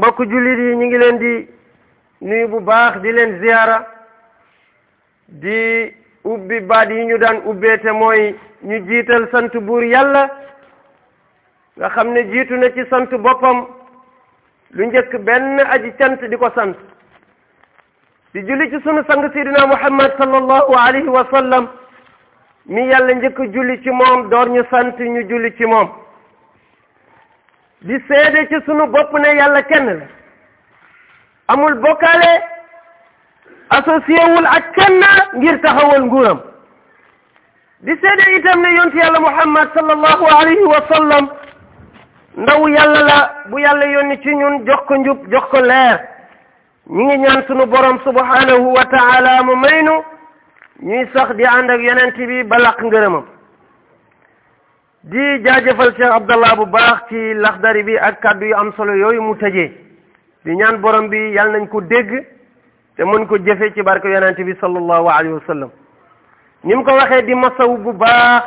mbokk jullit yi ñu ngi leen di nuyu bu baax di leen ziyaara di ubbi baat yi ñu daan ubbee te mooy ñu jiital sant buur yàlla nga xam ne jiitu na ci sant boppam lu njëkk benn aji cant di ko sant di julli ci sunu sang sidina muhammad sallallahu alayhi wa sallam mi yàlla njëkk julli ci moom door ñu sant ñu julli ci moom di seede ci sunu bopp ne yàlla kenn la amul bokkaale associé wul ak kenn ngir taxawal nguuram di seede itam ne yonti yàlla muhammad sallallahu alayhi wa sallam ndaw yàlla la bu yàlla yónni ci ñun jox ko njub jox ko leer ñi ngi ñaan sunu borom subhanahu wa taala mu maynu ñuy sax di ànd ak yonent bi balaq ngërëmam di jaajëfal Cheikh Abdallah bu baax ci laxdari bi ak kàddu yu am solo yooyu mu tëjee di ñaan borom bi yàlla nañ ko dégg te mën ko jëfe ci barke yonent bi sallallahu alayhi wa sallam ni mu ko waxee di masaw bu baax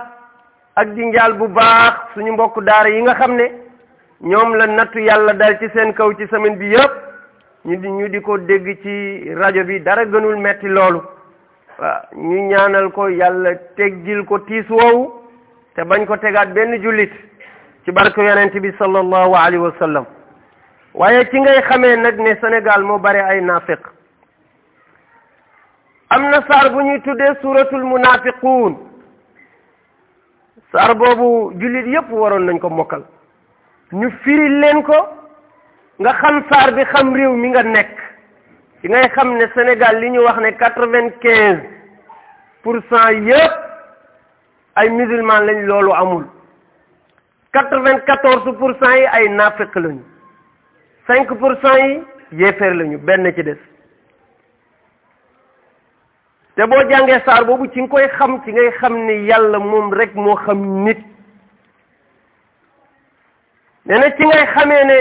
ak di njaal bu baax suñu mbokk daara yi nga xam ne ñoom la nattu yàlla dal ci seen kaw ci semaine bi yëpp ñu ñu di ko dégg ci rajo bi dara gënul metti loolu waaw ñu ñaanal ko yàlla teggil ko tiis woowu te bañ ko tegaat benn jullit ci barke yonent bi sallallahu alayhi wa sallam waaye ci ngay xamee nag ne senegal moo bare ay naafiq am na saar bu ñuy tuddee suuratul munaafiquun saar boobu jullit yépp waroon nañ ko mokkal ñu firi leen ko nga xam saar bi xam réew mi nga nekk ci ngay xam ne Sénégal li ñu wax ne quatre-vingt-quinze pour cent yépp ay musulman lañ loolu amul quatre-vingt-quatorze pour cent yi ay naafeq lañu cinq pour cent yi yéeféer lañu benn ci des te boo jàngee saar boobu ci nga koy xam ci ngay xam ni yàlla moom rek moo xam nit nee na ci ngay xamee ne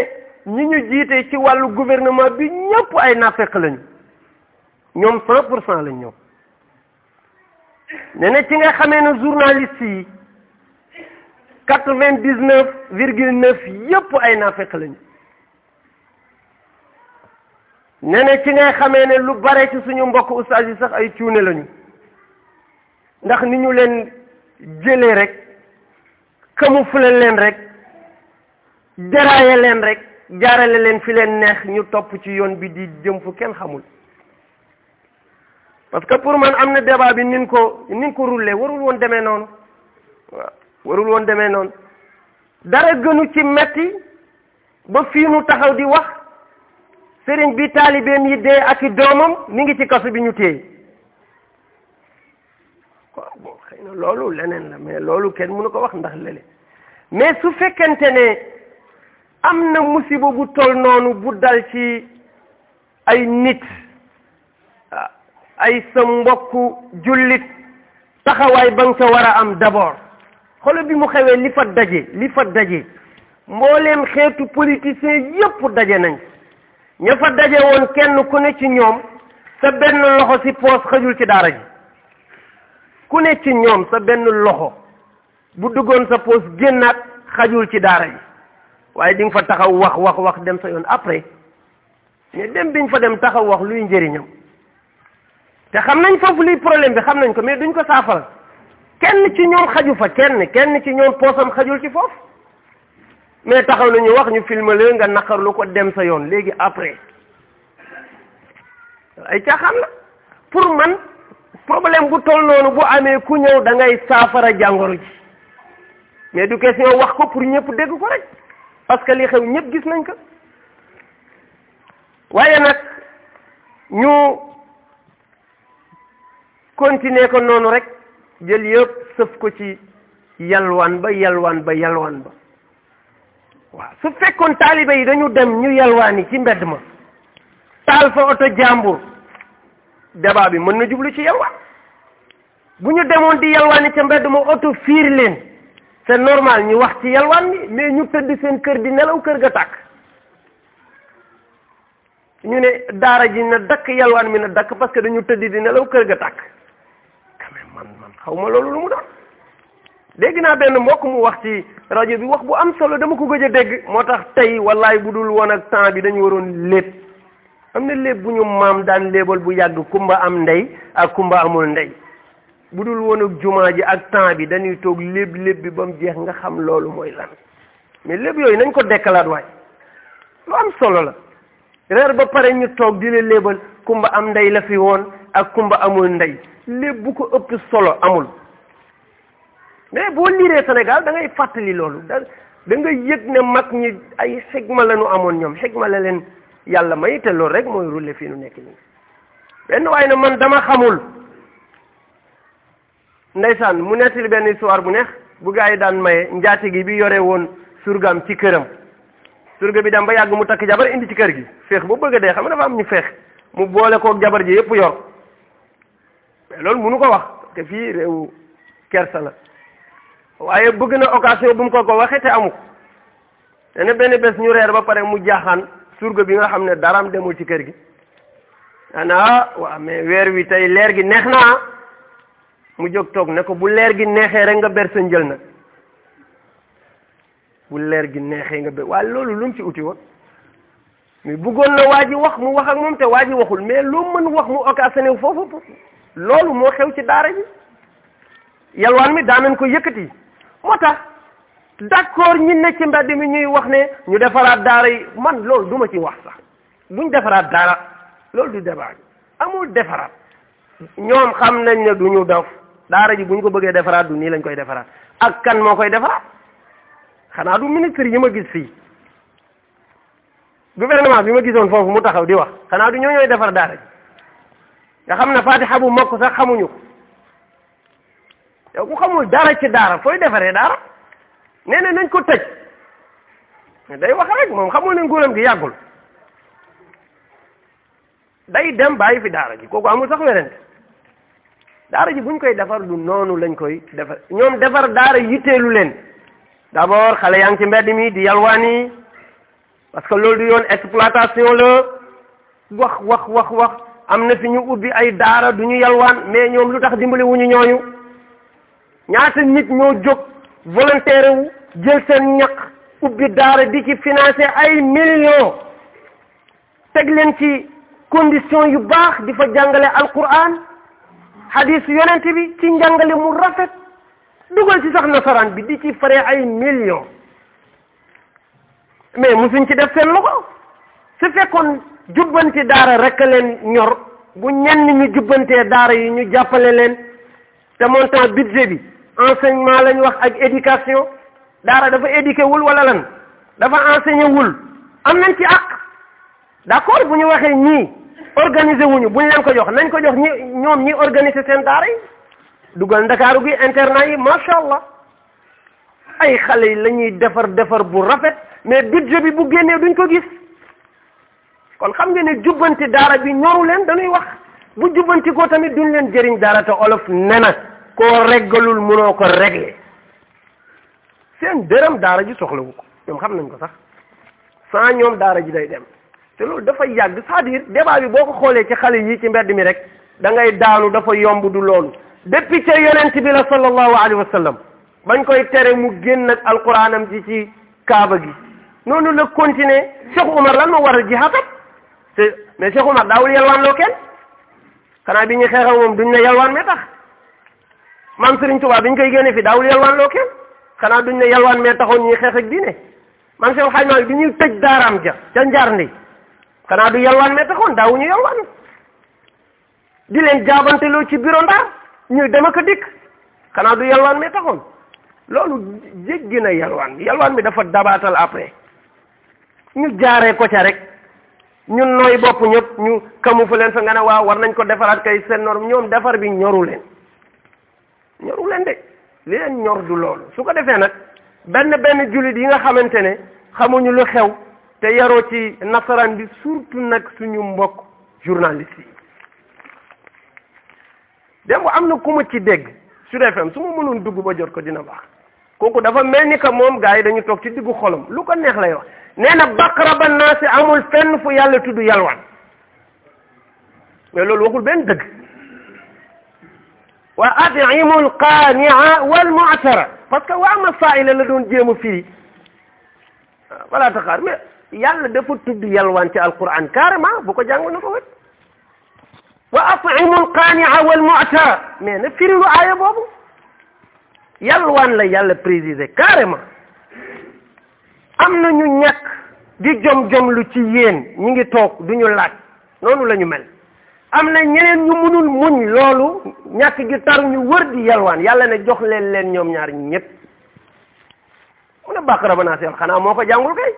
ñu ñu jiite ci wàllu gouvernement bi ñëpp ay naafeq lañu ñoom cent pour cent lañ ñëw ne na ci nga xamee ne journaliste yi quatre-vingt-dix-neuf virgule neuf yépp ay naafeq lañu ne na ci ngay xamee ne lu bare ci suñu mbokk ustaas yi sax ay cuune lañu ndax ni ñu leen jëlee rek camoufler leen rek déraaye leen rek jaarale leen fi leen neex ñu topp ci yoon bi di jëm fu kenn xamul parce que pour man am na débat bi nin ko nin ko rulle warul woon demee noonu waaw warul woon demee noonu dara gënu ci metti ba fii nu taxaw di wax sëriñ bi taalibeem yi dee ak doomam mi ngi ci kasu bi ñu téye xëy na loolu leneen la mais loolu kenn mënu ko wax ndax lële mais su fekkente ne am na musiba bu tol noonu bu dal ci ay nit ay sa mbokk jullit taxawaay ba nga ca war a am d'abord xolo bi mu xewee li fa daje li fa daje mbooleem xeetu politiciens yépp daje nañ ña fa daje woon kenn ku ne ci ñoom sa benn loxo ci poos xajul ci daara ji ku ne ci ñoom sa benn loxo bu duggoon sa poos génnaat xajul ci daara ji waaye di nga fa taxaw wax wax wax dem sa yoon après mais dem biñ fa dem taxaw wax luy njëriñam te xam nañ foofu liy problème bi xam nañ ko mais duñ ko saafara kenn ci ñoom xaju fa kenn kenn ci ñoom poosam xajul ci foofu mais taxaw nañu wax ñu filmale nga naqarlu ko dem sa yoon léegi après ay caaxaan la pour man problème bu toll noonu bu amee ku ñëw da ngay saafara jàngoro ji mais du question wax ko pour ñëpp dégg ko rek parce que li xew ñëpp gis nañ ko waaye nag ñu continuer ko noonu rek jël yëpp sëf ko ci yalwaan ba yalwaan ba yalwaan ba waaw su fekkoon taalibe yi dañu dem ñu yalwaani ci mbedd ma taal fa oto jàmbur débat bi mën na jublu ci yalwaan bu ñu demoon di yalwaani ca mbedd ma oto fiir leen c'est normal ñu wax ci yalwaan bi mais ñu tëdd seen kër di nelaw kër ga tàkk ñu ne daara ji na dakk yalwaan mi na dakk parce que dañu tëdd di nelaw kër ga tàkk xaw ma loolu lu mu doon dégg naa benn mbokk mu wax ci rajo bi wax bu am solo dama ko gëj a dégg moo tax tey wallaay bu dul woon ak temps bi waroon lépp am na lépp bu ñu maam daan léebal bu yàgg kumba am ndey ak kumba amul ndey bu dul woon jumaa ji ak temps bi dañuy toog lépp lépp bi ba mu jeex nga xam loolu mooy lan mais lépp yooyu nañ ko dekkalaat waay lu am solo la reer ba pare ñu toog di la léebal kumba am ndey la fi woon ak kumba amul ndey lépp bu ko ëpp solo amul mais boo liiree Sénégal dangay fàttali loolu da da nga yëg ne mag ñi ay xigma la ñu amoon ñoom xigma la leen yàlla may te loolu rek mooy rulle fii nu nekk nii benn waaye ne man dama xamul ndeysaan mu nettali benn histoire bu neex bu gaa yi daan maye njaati gi bi yore woon surgaam ci këram surga bi daan ba yàgg mu takk jabar indi ci kër gi feex boo bëgg dee xam nga dafa am ñu feex mu boole kook jabar ji yëpp yor loolu munu ko wax parce que fii réewu kersa la waaye bëgg na occasion bu mu ko ko waxee te amu ko benn bés ñu reer ba pare mu jaaxaan surga bi nga xam ne am demul ci kër gi ana waaw mais weer wi tey leer gi neex naa mu jóg toog ne ko bu leer gi neexee rek nga ber sa njël nag bu leer gi neexee nga ber waaye loolu lu mu ci uti woon mais bëggoon na waa ji wax mu wax ak moom te waa ji waxul mais loo mën wax mu occasionné foofu loolu moo xew ci daara ji yalwaan mi daanañ ko yëkkati moo tax d'accord ñi ne ci mbedd mi ñuy wax ne ñu defaraat daara yi man loolu duma ci wax sax duñ defaraat daara loolu du débat amul defaraat ñoom xam nañ ne du ñu dof daara ji bu ñu ko bëggee defaraat du nii lañ koy defaraat ak kan moo koy defaraat xanaa du ministre yi ma gis fii gouvernement bi ma gisoon foofu mu taxaw di wax xanaa du ñoo ñooy defar daara ji nga xam ne fatiha bu mokk sax xamuñu yow ku xamul dara ci daara fooy defaree daara nee na nañ ko tëj day wax rek moom xamul ne nguuram gi yàggul day dem bàyyi fi daara ji kooku amul sax werante daara ji buñ koy defar du noonu lañ koy defar ñoom defar daara yitteelu leen d'abord xale yaa ngi ci mbedd mi di yalwaan yi parce que loolu du yoon exploitation la wax wax wax wax am na fi ñu ubbi ay daara du ñu yalwaan mais ñoom lu tax dimbali wuñu ñooñu ñaata nit ñoo jóg volontaire wu jël seen ñaq ubbi daara di ci financé ay millions teg leen ci condition yu baax di fa jàngale alquran hadis yonent bi ci njàngale mu rafet dugal ci sax nasaraan bi di ci fare ay millions mais musuñ ci def seen loxo su fekkoon jubbanti daara rek leen ñor bu ñenn ñu jubbantee daara yi ñu jàppale leen te montant budget bi enseignement lañ wax ak éducation daara dafa éduqué wul wala lan dafa enseigné wul am nañ ci àq d'accord bu ñu waxee ñii organiser wuñu buñ leen ko jox nañ ko jox ñi ñoom ñi organiser seen daara yi dugal ndakaaru gi internat yi macha allah ay xale yi la ñuy defar defar bu rafet mais budget bi bu génnee duñ ko gis kon xam nga ne jubbanti daara bi ñoru leen dañuy wax bu jubbanti ko tamit duñ leen jëriñ daara te olof ne na koo reggalul mënoo ko régler seen dërëm daara ji soxlawu ko ñoom xam nañ ko sax sans ñoom daara ji day dem te loolu dafa yàgg c'est-à-dire bi boo ko xoolee ci xale yi ci mbedd mi rek dangay daanu dafa yomb du loolu depuis ca yonent bi la sallallahu alayhi wa sallam bañ koy tere mu génn ak alquranam ji ci kaaba gi noonu la continuer Cheikh Umar lan moo te mais Cheikh Oumar daawul yalwaan loo kenn xanaa bi ñu xeexal moom duñ ne yalwaan mee tax maam Serigne Touba bi ñu koy génne fi daawul yalwaan loo kenn xanaa duñ ne yalwaan mee taxoon ñuy xeex diine maam Cheikh Xaaj bi ñuy tëj daaraam ja ca njaar ndi xanaa du yalwaan mee taxoon daawuñu yalwaan di leen jaabanteloo ci bureau ndaar ñuy dem ak a xanaa du yalwaan mee taxoon loolu jéggi na yalwaan yalwaan bi dafa dabaatal après ñu jaaree ko ca rek. ñun nooy bopp ñëpp ñu camoufle leen sa nga ne waaw war nañ ko defaraat kay seen norme ñoom defar bi ñoru leen ñoru leen de li leen ñor du loolu su ko defee nag benn benn jullit yi nga xamante ne xamuñu lu xew te yaroo ci nasaraan bi surtout nag suñu mbokk journaliste yi démb am na ku ma ci dégg Sud FM su ma mënul dugg ba jot ko dina baax kooku dafa mel ni que moom gars yi dañu toog ci diggu xolam lu ko neex lay wax nee na baqraba naasi amul fenn fu yàlla tudd yalwaan mais loolu waxul benn dëgg wa adimu alqaania walmuatara parce que waa masaila la doon jéem a firi wala taxaar mais yàlla dafa tudd yalwaan ci alquran carrément bu ko jàngoon na ko wet wa atimu alqaania walmuatara mais na firi lu aaya boobu yalwaan la yàlla précisé carrément am na ñu ñàkk di jom jom lu ci yéen ñi ngi toog ñu laaj noonu la ñu mel am na ñeneen ñu mënul muñ loolu ñàkk gi taru ñu wër di yalwaan yàlla ne jox leen leen ñoom ñaar ñu a mu ne bàq rabanaa seel xanaa moo ko jàngul kay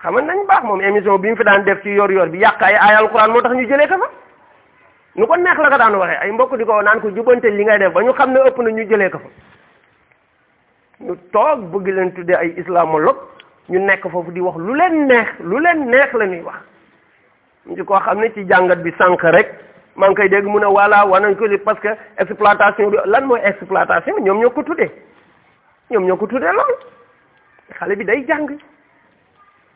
xaman nañ baax moom émission bi mu fi daan def ci yor yor bi yàq ay ay alquran moo tax ñu jëlee ko fa nu ko neex la ko daan waxee ay mbokk di ko naan ko jubante li ngay def ba ñu xam ne ëpp na ñu jëlee ko fa ñu toog bëgg leen tuddee ay islamologue ñu nekk foofu di wax lu leen neex lu leen neex la ñuy wax ñu koo xam ne ci jàngat bi sànq rek maa ngi koy dégg mu ne voilà war nañ ko li parce que exploitation bi lan mooy exploitation ñoom ñoo ko tuddee ñoom ñoo ko tuddee lool xale bi day jàng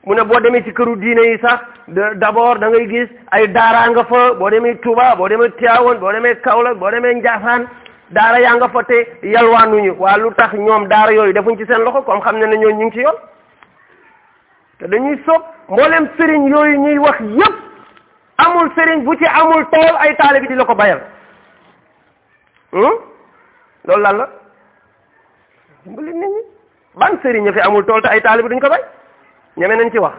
mu ne boo demee ci këru diine yi sax d'abord da ngay gis ay daaraa nga fa boo demee Touba boo demee Tivaouane boo demee Kaolack boo demee Ndiassane daara yaa nga fa te yalwaanuñu waa lu tax ñoom daara yooyu defuñ ci seen loxo comme xam ne ne ñoo ñu ngi ci yoon te dañuy soob mboolem sëriñ yooyu ñuy wax yépp amul sëriñ bu ci amul tool ay taalibe di la ko bayal hmm? loolu lan la dimbali nit ñi fi amul tool te ay taalibe duñ ko bay ñeme nañ ci wax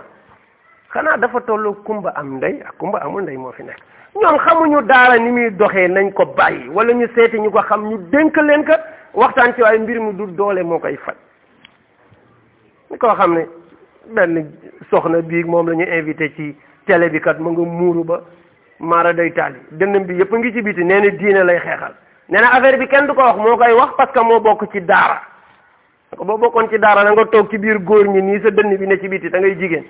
xanaa dafa tollu kumba am ndey ak kumba amul ndey moo fi nekk ñoom xamuñu daara ni muy doxee nañ ko bàyyi wala ñu seeti ñu ko xam ñu dénk leen ka waxtaan ci waaye mbir mi du doole moo koy faj ñu koo xam ne benn soxna bii moom la ñu invité ci télé bi kat mu nga muuru ba maara day taali dënnam bi yëpp ngi ci biti nee na diine lay xeexal nee na affaire bi kenn du ko wax moo koy wax parce que moo bokk ci daara boo bokkoon ci daara da nga toog ci biir góor ñi nii sa dënn bi ne ci biti da ngay jigéen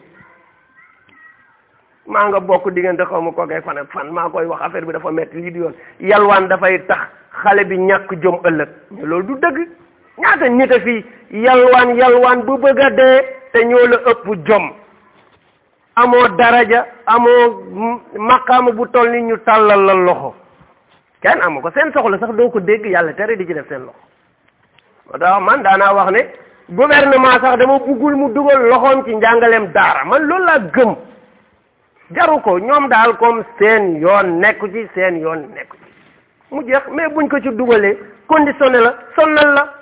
maa nga bokk diggante xaw ma koo koy fan fan maa koy wax affaire bi dafa metti lii di yoon yalwaan dafay tax xale bi ñàkk jom ëllëg mais loolu du dëgg ñaata nit a fi yalwaan yalwaan bu bëgg a dee te ñoo la ëpp jom amoo daraja amoo maqaama bu toll ni ñu tàllal la loxo kenn amu ko seen soxla sax doo ko dégg yàlla tere di ci def seen loxo moo tax man daanaa wax ne gouvernement sax dama buggul mu dugal loxoom ci njàngaleem daara man loolu laa gëm jaru ko ñoom daal comme seen yoon nekku ci seen yoon nekku ci mu jeex mais buñ ko ci dugalee conditionné la sonnal la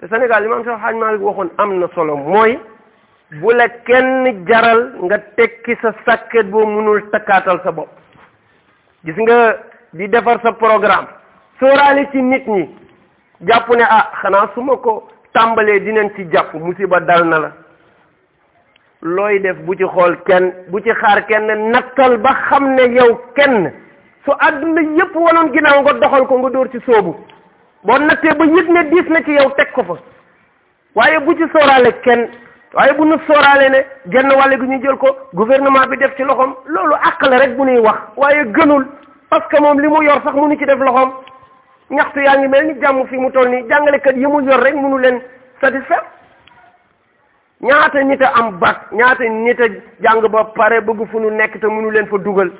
te Sénégal li ma am sax xaaj maa am na solo mooy bu la kenn jaral nga tekki sa sàkket boo mënul takkaatal sa bopp gis nga di defar sa programme sóoraale ci nit ñi jàpp ne ah xanaa su ma ko tàmbalee dinañ ci jàpp musiba dal na la looy def bu ci xool kenn bu ci xaar kenn nattal ba xam ne yow kenn su àdduna yépp wanoon ginnaaw nga doxal ko nga dóor ci soobu boo nattee ba yëg ne diis na ci yow teg ko fa waaye bu ci sóoraale kenn waaye bu nu sóoraale ne genn wàll gi ñu jël ko gouvernement bi def ci loxoom loolu àq la rek bu nuy wax waaye gënul parce que moom li mu yor sax munu ci def loxoom ñaxtu yaa ngi mel ni jàmm fi mu toll nii jàngalekat yi mu yor rek munu leen satisfaire ñaata nit am bac ñaata nit a jàng ba pare bëgg fu ñu nekk te mënu leen fa dugal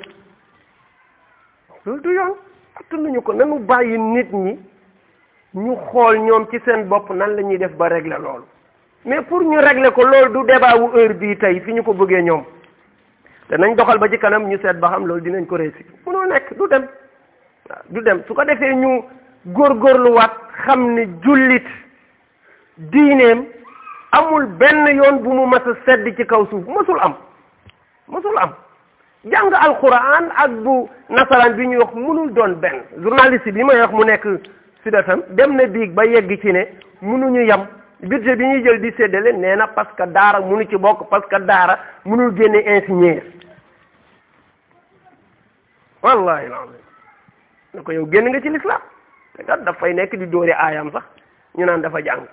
loolu du yoon attanuñu ko nanu bàyyi nit ñi ñu xool ñoom ci seen bopp nan la ñuy def ba régler loolu mais pour ñu régler ko loolu du débat wu heure bii tey fi ñu ko bëggee ñoom te nañ doxal ba ci kanam ñu seet ba xam loolu dinañ ko réussir munoo nekk du dem waaw du dem su ko defee ñu góor góorluwaat xam ne jullit diineem amul benn yoon bu mu mas sedd ci kaw suuf mësul am mësul am jàng alquran ak bu nasaraan bi ñuy wax mënul doon benn journaliste bi may wax mu nekk Sud dem na biig ba yegg ci ne mënuñu yem budget bi ñuy jël di seddale nee na parce que daara mënu ci bokk parce daara mënul génne ingénieur wallahi alazim ne ko yow génn nga ci l'islam te kat dafay nekk di dóori aayam sax ñu naan dafa jàng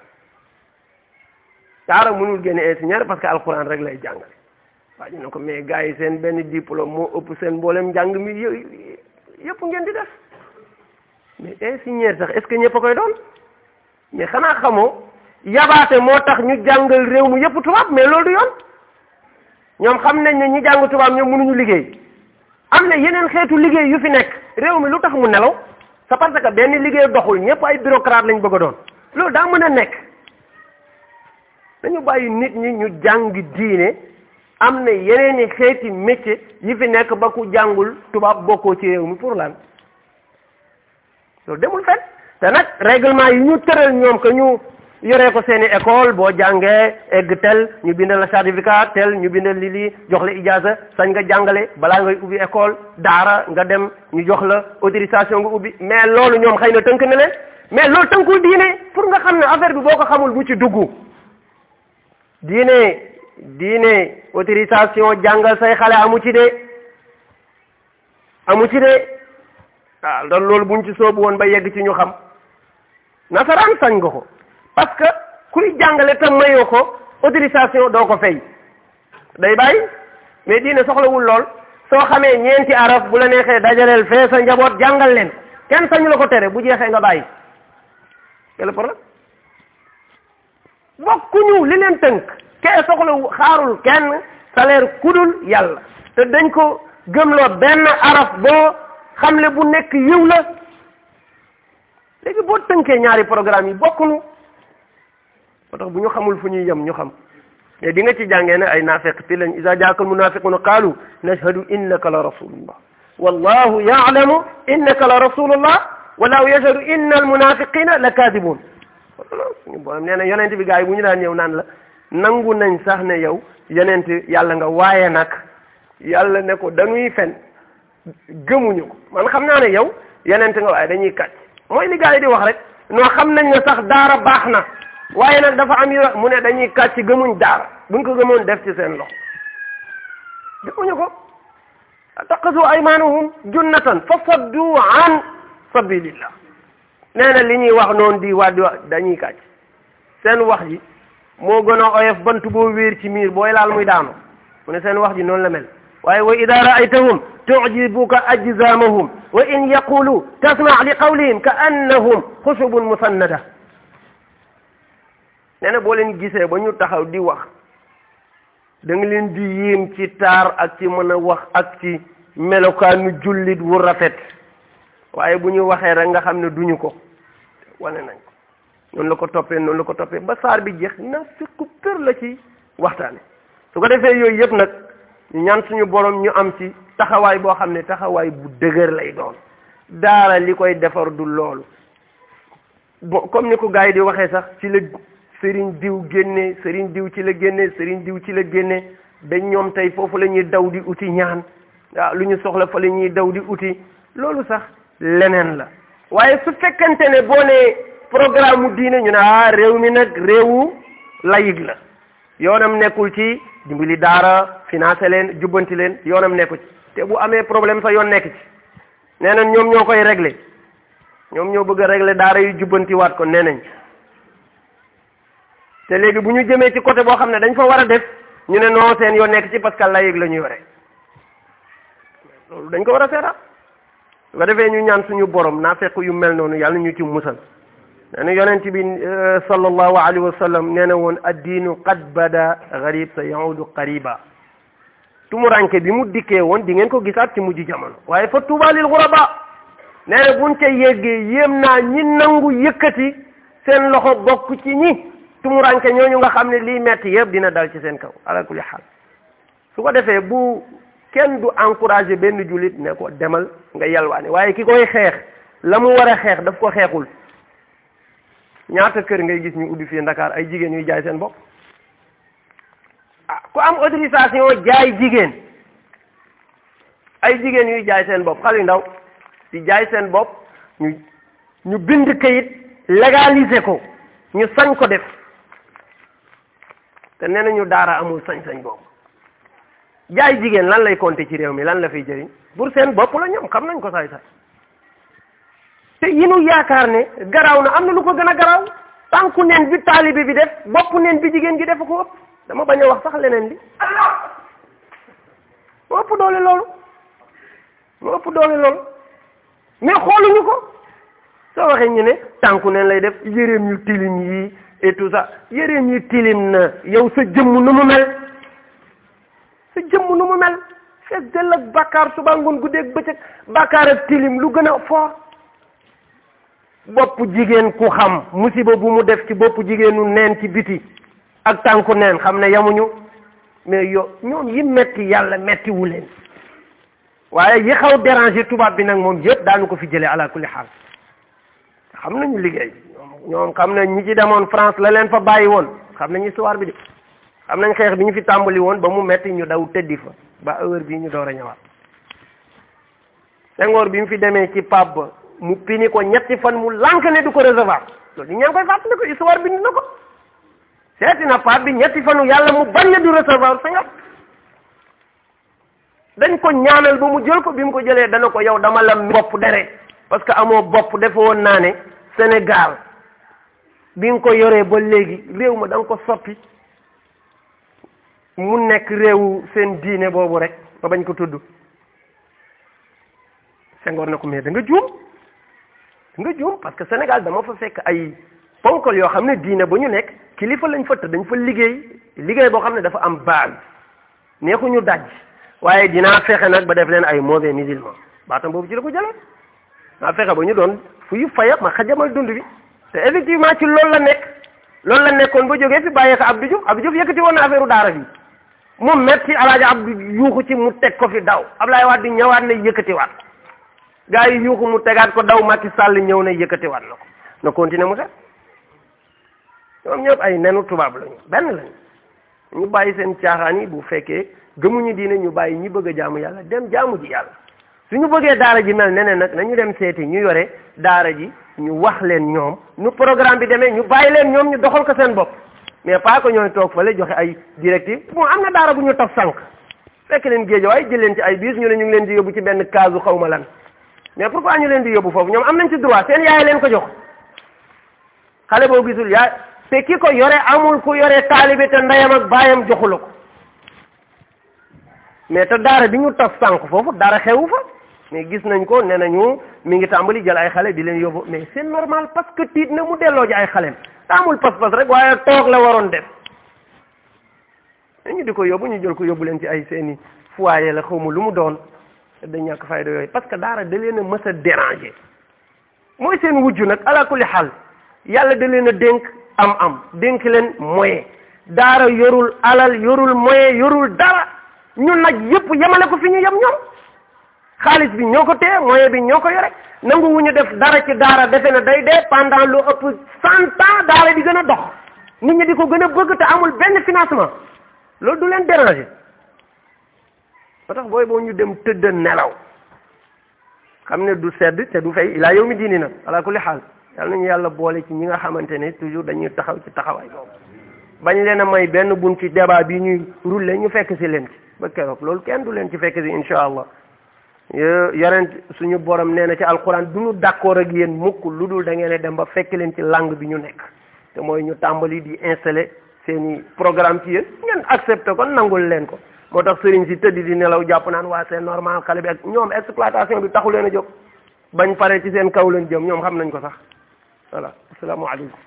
Saara mënul génn ingénieur parce que alxuraan rek lay jàngale waa ñu ne ko mais gars yi seen benn diplôme moo ëpp seen mboolem njàng mi yëpp ngeen di def mais ingénieur sax est-ce que ñëpp a koy doon mais xanaa xamoo yabaate moo tax ñu jàng réew mu yëpp tubaab mais loolu du yoon ñoom xam nañ ne ñi jàng tubaab ñoom mënuñu liggéey am na yeneen xeetu liggéey yu fi nekk réew mi lu tax mu nelaw c'est parce que benn liggéey doxul ñëpp ay bureaucrate lañ bëgg a doon loolu daa mën a nekk. dañu bàyyi nit ñi ñu jàng diine am na yeneen i xeeti métier yi fi nekk ba ku jàngul tubaab bokkoo ci réew mi pour lan loolu demul fenn te nag règlement yi ñu tëral ñoom que ñu yoree ko seeni école boo jàngee egg tel ñu bindal la certificat tel ñu bindal li lii jox la ijaasa sañ nga jàngale balaa ngay ubbi école daara nga dem ñu jox la autorisation nga ubbi mais loolu ñoom xëy na tënk na leen mais loolu tënkul diine pour nga xam ne affaire bi boo ko xamul bu ci dugg diine diine autorisation jàngal say xale amu ci de amu ci de waaw ndax loolu buñ ci soobu woon ba yegg ci ñu xam nasaraan sañ nga ko parce que kuy jàngale tam mayoo ko autorisation doo ko fay day bàyyi mais diine soxlawul lool soo xamee ñeenti araf bu la neexee dajaleel fee sa njaboot jàngal leen kenn sañu la ko tere bu jeexee nga bàyyi quel problème bokkuñu li leen tënk kee soxla xaarul kenn salaire kudul yàlla te dañ ko gëmloo benn araf boo xamle bu nekk yiw la léegi boo tënkee ñaari programme yi bokkuñu moo tax bu ñu xamul fu ñuy yem ñu xam mais di nga ci jàngee ne ay naafiq ti lañ iza jaaka almunafiquna qaalu nashhadu innaka la rasulullah wallahu yaalamu innaka la rasulullah wallahu yashhadu inna almunafiqina la kadibun suñu borom bi gars yi bu ñu daan ñëw naan la nangu nañ sax ne yow yonent yàlla nga waaye nag yàlla ne ko dañuy fen gëmuñu ko man xam naa ne yow yonent nga waaye dañuy kàcc mooy li gars yi di wax rek noo xam nañ ne sax daara baax na waaye nag dafa am yu mu ne dañuy kàcc gëmuñ daara buñ ko gëmoon def ci seen loxo gëmuñu ko taqasu aymaanahum junnatan fa sabilillah nee li ñuy wax noonu di waa di dañuy kàcc seen wax ji moo gën a oyof bant boo wéer ci miir booy laal muy daanu mu ne seen wax ji noonu la mel waaye wa ida raaytahum tujibuka ajzamahum wa in yaqulu tasma li qawlihim ka annahum xusubun musannada nee na boo leen gisee ba ñu taxaw di wax da leen di yéem ci taar ak ci mën a wax ak ci melokaanu jullit wu rafet waaye bu ñu waxee rek nga xam ne duñu ko wane nañ ko noonu la ko toppee noonu la ko toppee ba saar bi jeex na fekku për la ci waxtaane su ko defee yooyu yëpp nag ñu ñaan suñu borom ñu am ci taxawaay boo xam ne taxawaay bu dëgër lay doon daara li koy defar du loolu bo comme ni ko gars yi di waxee sax ci la sëriñ diw génne sëriñ diw ci la génne sëriñ diw ci la génne dañ ñoom tey foofu lañuy daw di uti ñaan waaw lu ñu soxla fa la ñuy daw di uti loolu sax leneen la waaye su fekkente ne boo ne programme mu diine ñu ne ah réew mi nag réewu layig la yoonam nekkul ci dimbali daara financé leen jubbanti leen yoonam nekku ci te bu amee problème sa yoon nekk ci nee nañ ñoom ñoo koy regle ñoom ñoo bëgg regle régler daara yu jubbanti waat ko nee nañ te léegi bu ñu jëmee ci côté boo xam ne dañ fa war a def ñu ne non seen yoon nekk ci parce que la ñuy yore loolu dañ ko war a seetaat su ko defee ñu ñaan suñu borom naa fekk yu mel noonu yàlla ñu ci musal nee na yonent bi euh, sallallahu alayhi wa sallam nee na woon addiinu qad bada garib sa yaudu qariba tumuranke bi mu dikkee woon di ngeen ko gisaat ci mujj jamono waaye fa tuuba lil xuraba nee na buñ ca yéggee yéem naa ñi nangu yëkkati seen loxo bokk ci ñi tumuranke ñooñu nga xam ne lii metti yëpp dina dal ci seen kaw ala kulli xaal su ko defee bu kenn du encouragé benn jullit ne ko demal nga yalwaane waaye ki koy xeex la mu war a xeex daf ko xeexul ñaata kër ngay gis ñu ubbi fii Ndakaar ay jigéen ñuy jaay seen bopp ah ku am autorisation jaay jigéen ay jigéen yuy jaay seen bopp xale yu jaay seen bopp ñu ñu bind kayit légaliser ko ñu sañ ko def te ne nañu daara amul sañ-sañ boobu jaay jigéen lan lay compter ci réew mi lan la fiy jëriñ pour seen bopp la ñoom xam nañ ko saay saay te yi nu yaakaar ne garaaw na am na lu ko gën a garaaw tànku neen bi taalibe bi def bopp neen bi jigéen gi def ko ëpp dama bañ a wax sax leneen li mu ëpp doole loolu mu ëpp doole loolu mais xooluñu ko soo waxee ñu ne tànku neen lay def yéreem yu tilim yi et tout ça yéreem tilim na yow sa jëmm nu mu mel sa jëmm nu mu mel fees dell ak bàkkaar suba ngoon guddeeg bëccëg bàkkaar ak tilim lu gën a fort bopp jigéen ku xam musiba bu mu def ci bopp jigéenu neen ci biti ak tànku neen xam ne yamuñu mais yo ñoom yi metti yàlla mettiwu leen waaye yi xaw déranger tubaab bi nag moom yëpp daanu ko fi jëlee ala kulli xaal xam nañu liggéey ñoom xam ne ñi ci demoon France la leen fa bàyyi woon xam nañu histoire bi de am nañ xeex bi ñu fi tàmbali woon ba mu metti ñu daw tëddi fa ba heure bi ñu door a ñëwaat Senghor bi ñu fi demee ci pab ba mu pini ko ñetti fan mu lànk ne du ko recevoir loolu ñaa ngi koy ko histoire bi bind na ko seeti na pab bi ñetti fanu yàlla mu bañ ne du recevoir Senghor dañ ko ñaanal ba mu jël ko bi mu ko jëlee dana ko yow dama la bopp dere parce que amoo bopp defe woon naa ne Sénégal bi nga ko yoree ba léegi réew ma da ko soppi mu nekk réewu seen diine boobu rek ba bañ ko tudd Senghor na ko mais da nga juum nga juum parce que Sénégal dama fa fekk ay ponkol yoo xam ne diine ba ñu nekk kilifa lañ fa tëdd dañ fa liggéey liggéey boo xam ne dafa am base neexuñu daj waaye dinaa fexe nag ba def leen ay mauvais musulman baatam boobu ci la ko jëlee naa fexe ba ñu doon fuyu faya ma xajamal dund bi te effectivement ci loolu la nekk loolu la nekkoon ba jógee fi bàyyee ko Abdou Diouf Abdou Diouf yëkkati woon na affaire daara fii mu metti alaaji Abdu yuuxu ci mu teg ko fi daw Ablaye Wade ñëwaat na yëkkatiwaat gaa yi yuuxu mu tegaat ko daw Macky sàll ñëw na yëkkatiwaat na ko na continuer mu set ñoom ñëpp ay nenu tubaab lañu benn lañu ñu bàyyi seen caaxaan yi bu fekkee gëmuñu diine ñu bàyyi ñi bëgg a jàmm yàlla dem jàmm ji yàlla ñu bëggee daara ji mel neneen nag nañu dem seeti ñu yore daara ji ñu wax leen ñoom nu programme bi demee ñu bàyyi leen ñoom ñu doxal ko seen bopp mais pas que ñooy toog fële joxe ay directive bon am na daara bu ñu taf sànq fekk leen géejawaay jël leen ci ay biis ñu ne ñu ngi leen di yóbbu ci benn kaasu xaw ma lan mais pourquoi ñu leen di yóbbu foofu ñoom am nañ ci droit seen yaay leen ko jox xale boo gisul yaay te ki ko yore amul ku yore taalibe te ndeyam ak baayam joxula ko mais te daara bi ñu taf sànq foofu daara xewu fa mais gis nañ ko ne nañu mi ngi tàmbali jël ay xale di leen yóbbu mais c'est normal parce que tiit na mu delloo ji ay xaleem amul pas-pas rek waaye toog la waroon def ñu di ko yóbbu ñu jël ko yóbbu leen ci ay seeni foyer la xawma lu mu doon dañ ñàkk fayda yooyu parce que daara da leen a mës a déranger mooy seen wujju nag ala xal yàlla da leen a dénk am-am dénk leen moyen daara yorul alal yorul moyen yorul dara ñu nag yëpp yemale ko fi ñu yem ñoom xaalis bi ñoo ko téye moyen bi ñoo ko yore nangu def dara ci daara defe na day dee pendant lu ëpp cent ans daara di gën a dox nit ñi di ko gën a bëgg te amul benn financement loolu du leen déranger ba tax booy boo ñu dem tëdd nelaw xam ne du sedd te du fay ilaa yow mi diini nag ala kulli xaal yàlla nañu yàlla boole ci ñi nga xamante ne toujours dañuy taxaw ci taxawaay boobu bañ leen a may benn bunt ci débat bi ñuy rulle ñu fekk si leen ci ba keroog kenn du leen ci fekk si incha allah yonent suñu borom nee na ci alquran du ñu d'accord ak yéen mukk lu dul da ngeen dem ba fekk leen ci langue bi ñu nekk te mooy ñu tàmbali di installé seeni programme ci yéen ngeen accepté ko nangul leen ko moo tax sëriñ si tëdd di nelaw jàpp naan waa c'est normal xale bi ak ñoom exploitation bi taxu leen a jóg bañ paree ci seen kaw leen jëm ñoom xam nañ ko sax voilà asalaamaaleykum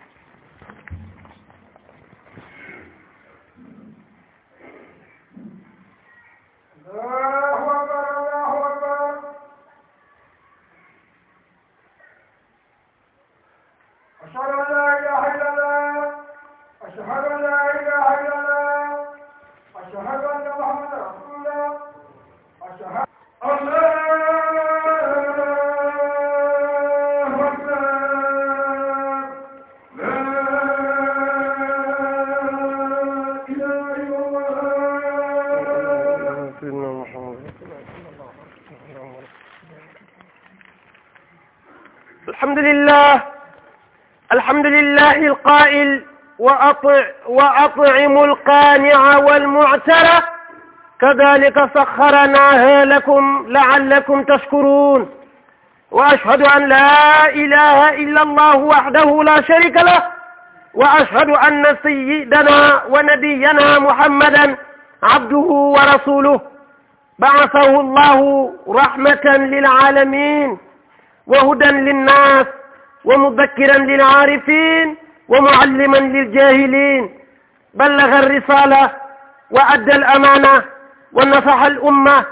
مثل القائل وأطع وأطعموا القانع والمعتر كذلك سخرناها لكم لعلكم تشكرون وأشهد أن لا إله إلا الله وحده لا شريك له وأشهد أن سيدنا ونبينا محمدا عبده ورسوله بعثه الله رحمة للعالمين وهدى للناس ومذكرا للعارفين ومعلما للجاهلين بلغ الرسالة وأدى الأمانة ونصح الأمة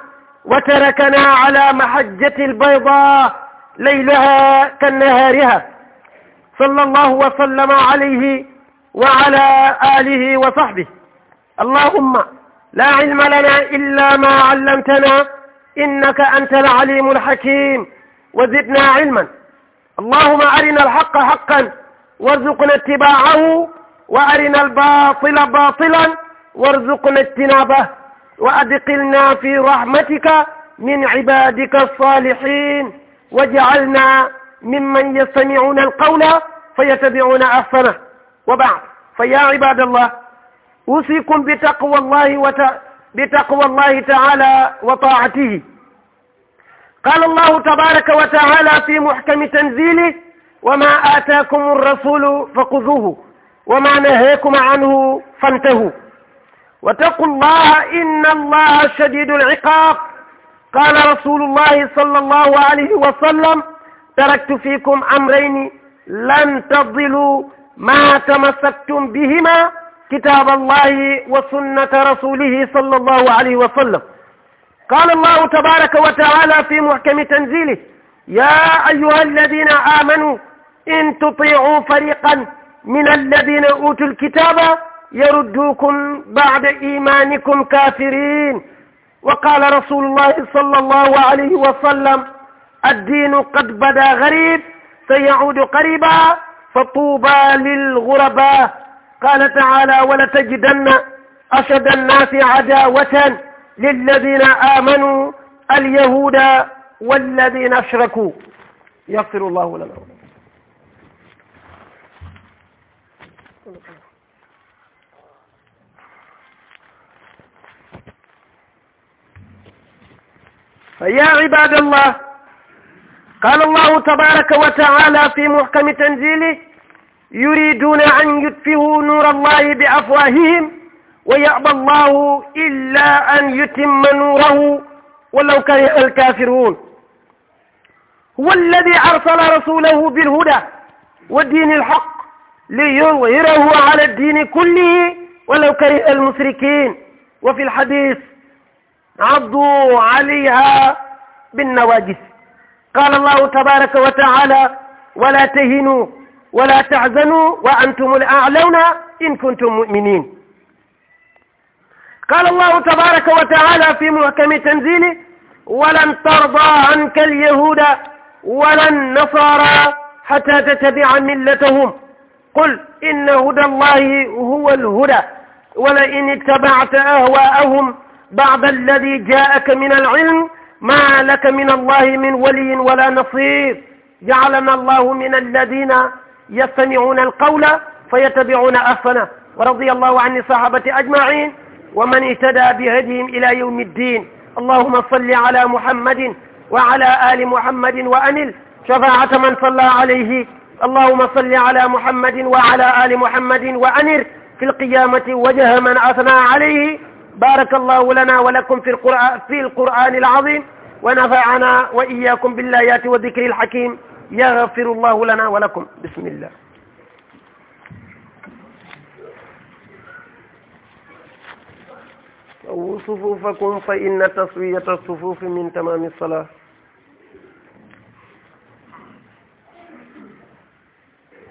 وتركنا على محجة البيضاء ليلها كنهارها صلى الله وسلم عليه وعلى آله وصحبه اللهم لا علم لنا إلا ما علمتنا إنك أنت العليم الحكيم وزدنا علما اللهم أرنا الحق حقا warzuqna ittibaacahu wa arina albaatila baatilan warzuqna ijtinaabah wa adqilna fi rahmatika min cibaadika alsaalihin wajcalna mimman yastamicuuna alqawla fayatabicuuna ahsanah wa bacd fa ya cibaad allah uusikum bitaqwa allahi wata بتقوى الله تعالى وطاعته قال الله تبارك وتعالى في محكم تنزيله وما آتاكم الرسول فخذوه وما نهاكم عنه فانتهوا واتقوا الله إن الله شديد العقاب قال رسول الله صلى الله عليه وسلم تركت فيكم أمرين لن تضلوا ما تمسكتم بهما كتاب الله وسنة رسوله صلى الله عليه وسلم قال الله تبارك وتعالى في محكم تنزيله يا أيها الذين آمنوا إن تطيعوا فريقا من الذين أوتوا الكتاب يردوكم بعد إيمانكم كافرين وقال رسول الله صلى الله عليه وسلم الدين قد بدا غريب سيعود قريبا فطوبى للغرباء قال تعالى ولتجدن أشد الناس عداوة للذين آمنوا اليهود والذين أشركوا يغفر الله لنا فيا عباد الله قال الله تبارك وتعالى في محكم تنزيله يريدون أن يطفئوا نور الله بأفواههم ويأبى الله إلا أن يتم نوره ولو كره الكافرون هو الذي أرسل رسوله بالهدى والدين الحق ليظهره على الدين كله ولو كره المشركين وفي الحديث عضوا عليها بالنواجس قال الله تبارك وتعالى ولا تهنوا ولا تحزنوا وأنتم الأعلون إن كنتم مؤمنين قال الله تبارك وتعالى في محكم تنزيله ولن ترضى عنك اليهود ولا النصارى حتى تتبع ملتهم قل إن هدى الله هو الهدى ولئن اتبعت أهواءهم بعد الذي جاءك من العلم ما لك من الله من ولي ولا نصير جعلنا الله من الذين يستمعون القول فيتبعون أحسنه ورضي الله عن الصحابة أجمعين ومن اهتدى بهديهم إلى يوم الدين اللهم صل على محمد وعلى آل محمد وأنل شفاعة من صلى عليه اللهم صل على محمد وعلى آل محمد وأنر في القيامة وجه من أثنى عليه بارك الله لنا ولكم في القرآن, في القرآن العظيم ونفعنا وإياكم بالآيات والذكر الحكيم يغفر الله لنا ولكم بسم الله سووا صفوفكم فإن تسوية الصفوف من تمام الصلاة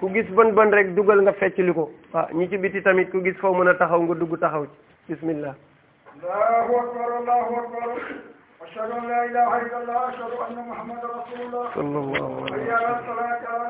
ku gis bon bon rek dugal nga feccli ko waaw ñi ci biti tamit ku gis foo mën a taxaw nga dugg taxaw ci bismillah الله أكبر الله أكبر أشهد أن لا إله إلا الله أشهد أن محمد رسول الله صلى الله عليه وسلم